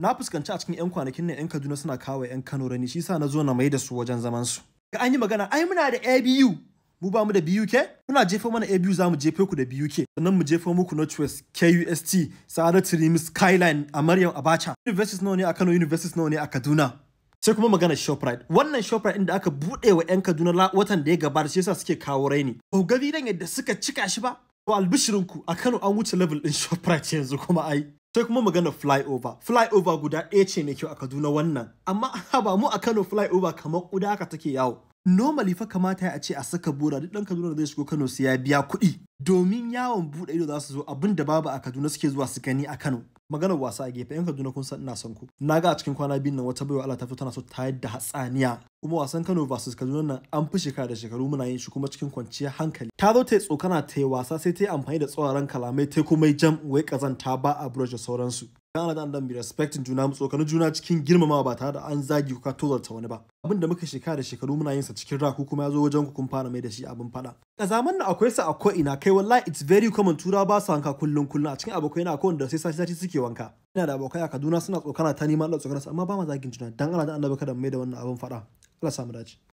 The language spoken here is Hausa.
na fuskanci a cikin 'yan kwanakin nan 'yan kaduna suna kawo 'yan kano rani shi sa na zo na mai da su wajen zaman su ga an yi magana ai muna da abu mu ba mu da buk muna jefa mana abu za mu jefe ku da buk sannan mu jefa muku northwest kust sa'adar trimis skyline a maryam abacha universities nawa ne a kano universities nawa ne a kaduna sai kuma magana shoprite wannan shoprite inda aka buɗe wa 'yan kaduna watan da ya gabata shi yasa suke kawo raini ba ga yadda suka cika shi ba to albishirinku a kano an wuce level ɗin shoprite yanzu kuma ai sai kuma magana flyover flyover guda ɗaya ce mai kyau a kaduna wannan amma ba mu a kano flyover kamar ƙuda haka take yawo normally fa kamata ya ce a saka bura duk ɗan kaduna da zai shigo kano sai ya biya kuɗi domin yawon buɗe ido za su zo abin da babu a Kaduna suke zuwa su gani a Kano. Maganar wasa a gefe 'yan Kaduna kun san ina son ku. Na ga a cikin kwana biyu nan wata baiwa Allah ta fito tana so ta yadda hatsaniya. Kuma wasan Kano versus Kaduna nan an fi shekara da shekaru muna yin shi kuma cikin kwanciyar hankali. Ta zo ta yi tsokana ta yi wasa sai ta yi amfani da tsawaran kalamai ta komai jam wai kazanta ba a brush da sauransu. Kana da bi respectin juna mu tsokani juna cikin girmamawa ba tare da an zagi ko ka tozarta wani ba. Abin da muka shekara da shekaru muna yin sa cikin raku kuma ya zo wajen ku kun fara mai da shi abin fada. zaman da akwai sa a ko ina kai wallahi it's very common tura ba su wanka kullun kullun a cikin abokai na akwai wanda sai sati sati suke wanka. Ina da abokai a Kaduna suna tsokana ta nima Allah tsokana amma ba ma zagin juna dan Allah da Annabi kada mai da wannan abin fada. Allah samu dace.